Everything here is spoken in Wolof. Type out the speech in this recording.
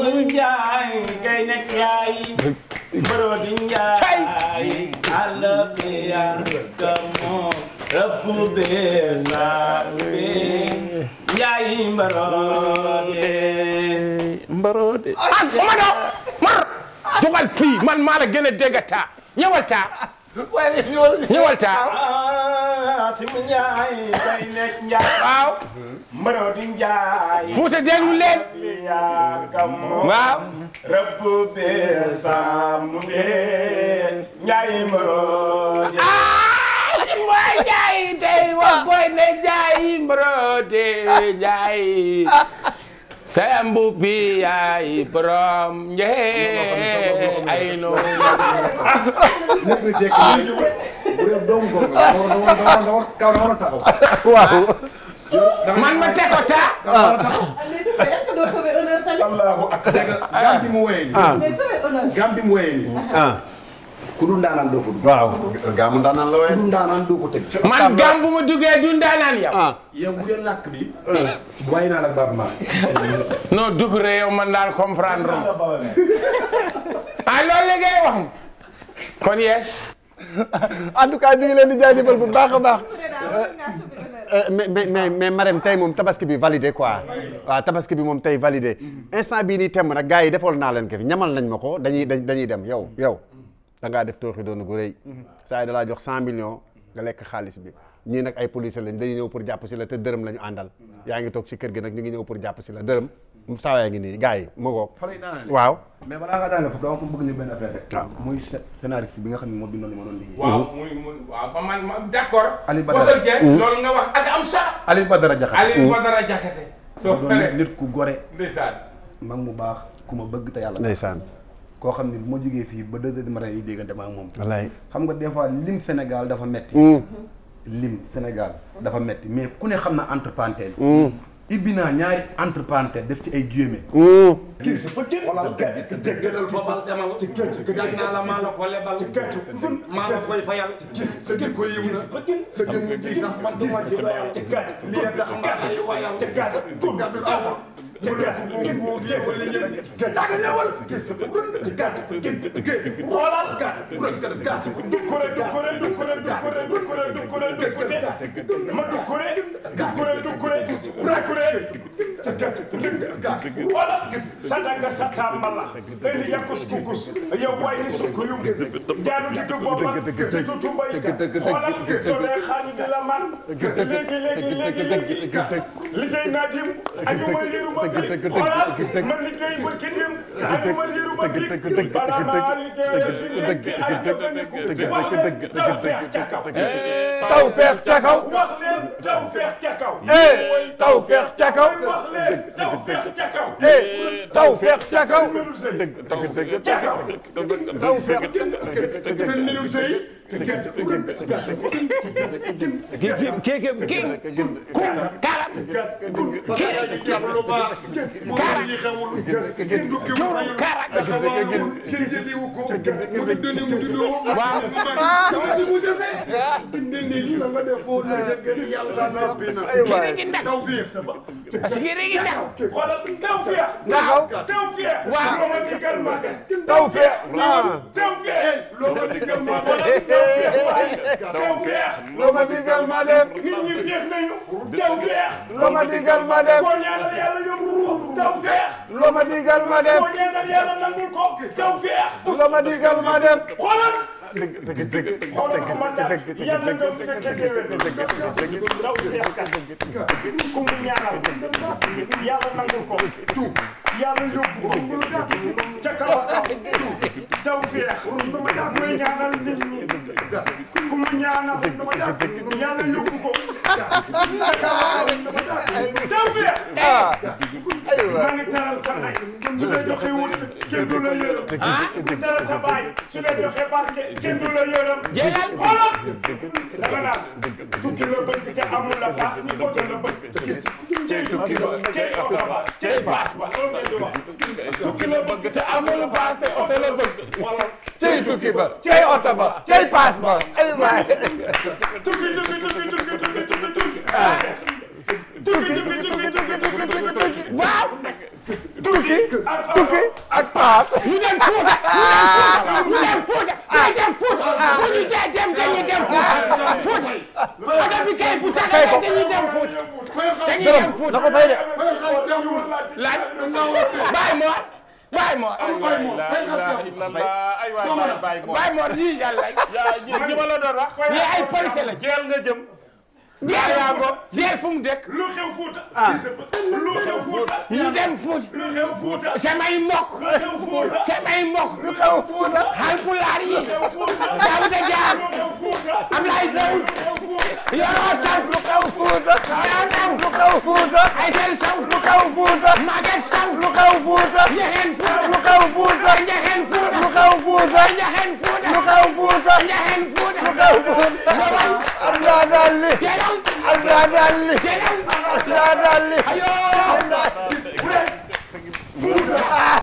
mën njaay ngay nekk yaay bëroo di njaay àlla bi yàlla moo rëbb bi saa bi njaay mbaroode an uma mar jógal fii man maa la gën a dégg taa ñëwal taa ñëwal taa waaw fuuta déglu leen waaw ah sembu bi yaay borom njee ay no man ma teg ko bi ku dul ndaanaan doo fa dugg. waaw gaamu ndaanaan man gaam bu ma duggee du ndaanaan yow. ah yow bu dee làkk man daal comprendre lul. ah loolu la ngay wax. kon yees. en tout cas ñu ngi leen di jaajëfal bu baax a baax. Euh, mais mais mais tey moom tabaski bi validé quoi waaw tabaski bi moom tey validé instant bii nii tem nag gars yi defoon naa leen ko fi ñamal nañ ma ko dañuy dañuy dem yow yow. da def tooxi doonu gu rëy mhm. saa yi da laa jox cent millions nga lekk xaalis bi ñii nag ay policiers lañ dañuy ñëw pour jàpp si la te dërëm la ñu àndal mhm. yaa ngi toog si kër gi nag ñu ngi ñëw pour jàpp si la dërëm mhm. saa yaa ngi nii gars yi ma goog waaw mais balaa nga daanee foofu dama ko bëgg ñu benn affaire rek waaw muy scénariste bi nga xam ne moo bindoon li ma doon liggéey waaw muy muy waaw ba man ma ku gore ndeysaan mu baax ku ma bëgg te yàlla ndeysaan koo xam ne bu ma jógee fii ba deux heures du yi déggante ma ak moom wallaay xam nga des fois lim Sénégal dafa metti mm. lim Sénégal dafa metti mais ku ne xam na entre parenthèses mm. ibbi naa ñaari entre def ci ay juémé mm. kii fa jël wala déggalal foofal demal ci kër jàng naa la maa la ko ci kër maa la koy fayal sa gën ko yiw na sa gën gi ci doyal ci kër lii tax nga wala sadaka satambala eni yakus kukus yow wayni sukuyu jaanu di dubo man si tutu mbayka wala sole xaani di la man léegi léegi léegi léegi liggéey naa démb añuma yëru ma tey xoolal man liggéey ba ki démb añuma yëru ma tey balaa liggéeyal si nekk ay jëfandiku wax leen tawfeex ca kaw. tawfeex ca kaw. wax leen tawfeex ca kaw. tawfeex ca kaw. wax leen tawfeex ca kaw. tawfeex ca kaw. dëgg dëgg dëgg ca kaw. tawfeex. Kekep king kun karam karam karam parce que dañuy nekk. xoolal tawfeex. waaw tawfeex. waaw loo ma digal ma def. tawfeex waaw. tawfeex. loo ma digal ma def. tawfeex. loo ma digal ma def. nit ñi féex nañu. tawfeex. loo ma digal ma def. koo ñaanal yàlla yóbbu. tawfeex. loo ma digal ma def. koo ñaanal yàlla nangul ko. tawfeex. loo ma digal ma def. xoolal. dëgg dëgg dëgg dëgg yàlla nga fekke déwén ndaw seexkat ku mu ñaanal yàlla nangul ko tu yàlla yóbbu ko ca kaw a kaw daw feex muy ñaanal nit ñi ku mu ñaanal yàlla la yërëm. teral sa kenn du la yërëm. jëlaat la bëgg tukki la bëgg te amul paas te oto la bëgg. tukki ba cey oto ba cey paas ba ay waay tukki tukki tukki tukki tukki tukki tukki tukki tukki tukki tukki tukki waaw tukki tukki ak paas ñu dem Fuuta ñu dem Fuuta ñu dem Fuuta bu ñu dee dem dañuy dem Fuuta Fuuta oto bi kay bu tàkkee dañuy dem Fuuta dañuy dem Fuuta laaj bàyyi ma baay moor baay moor fay xam ay waay baay moor baay moor yii yàlla ñi ma la doon wax ñii ay police la jeel nga jëm jeel yaa ko jeel fu mu dëkk lu xew fuuta ah. lu xew fuuta ñu dem fuuta lu xew fuuta samay mbokk samay mbokk lu xew fuuta halpulaar yi daaw da jaar am laay doon yoroo sal voertuig. Look out voertuig. Hij rent zo. Look out voertuig. Maak het zo. Look out voertuig. Je rent voertuig. Look out voertuig. Je rent voertuig. Look out voertuig. Je rent voertuig. Look out voertuig. Je rent voertuig. Look out voertuig. Allah dalli. Allah dalli. Allah dalli. Ayo. Voertuig.